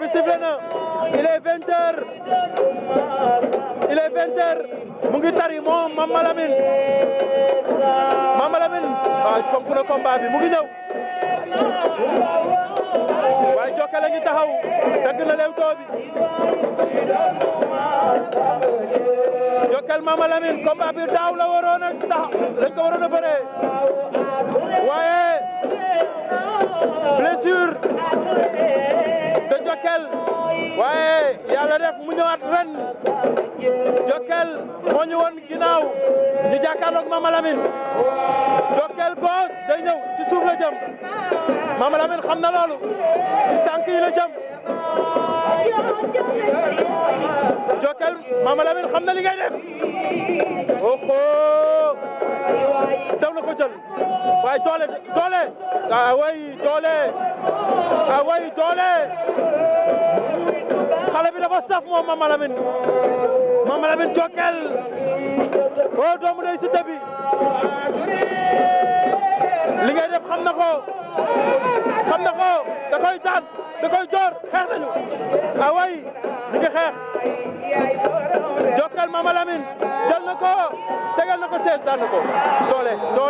arbitre sifflé na il est 20 mu ngi tari moom Mama Lamine Mama Lamine waaw ah, mu ngi ñëw waaye Jokalante la taxaw dagg na Leewtoo bi Jokalante daaw la waroon a taxaw dañ ko waroon waaye blessure. la def mu ñëwaat ren Jokal moo ñu woon ginnaaw ñu jàkkaarloog Mama Lamine day ñëw ci suuf la jëm Mama Lamine xam na loolu ci tànk la jëm Jokal Mama Lamine xam na li def oxo daw na ko jël waaye doole doole ah dafa saf moom Mama Lamine Jokkel o doomu ndey Siteu bi li ngay def xam na ko xam na ko da koy daan da koy joor xeex nañu a ah way li nga xeex Jokkel Mama Lamine jël na ko tegal na ko sees daan na ko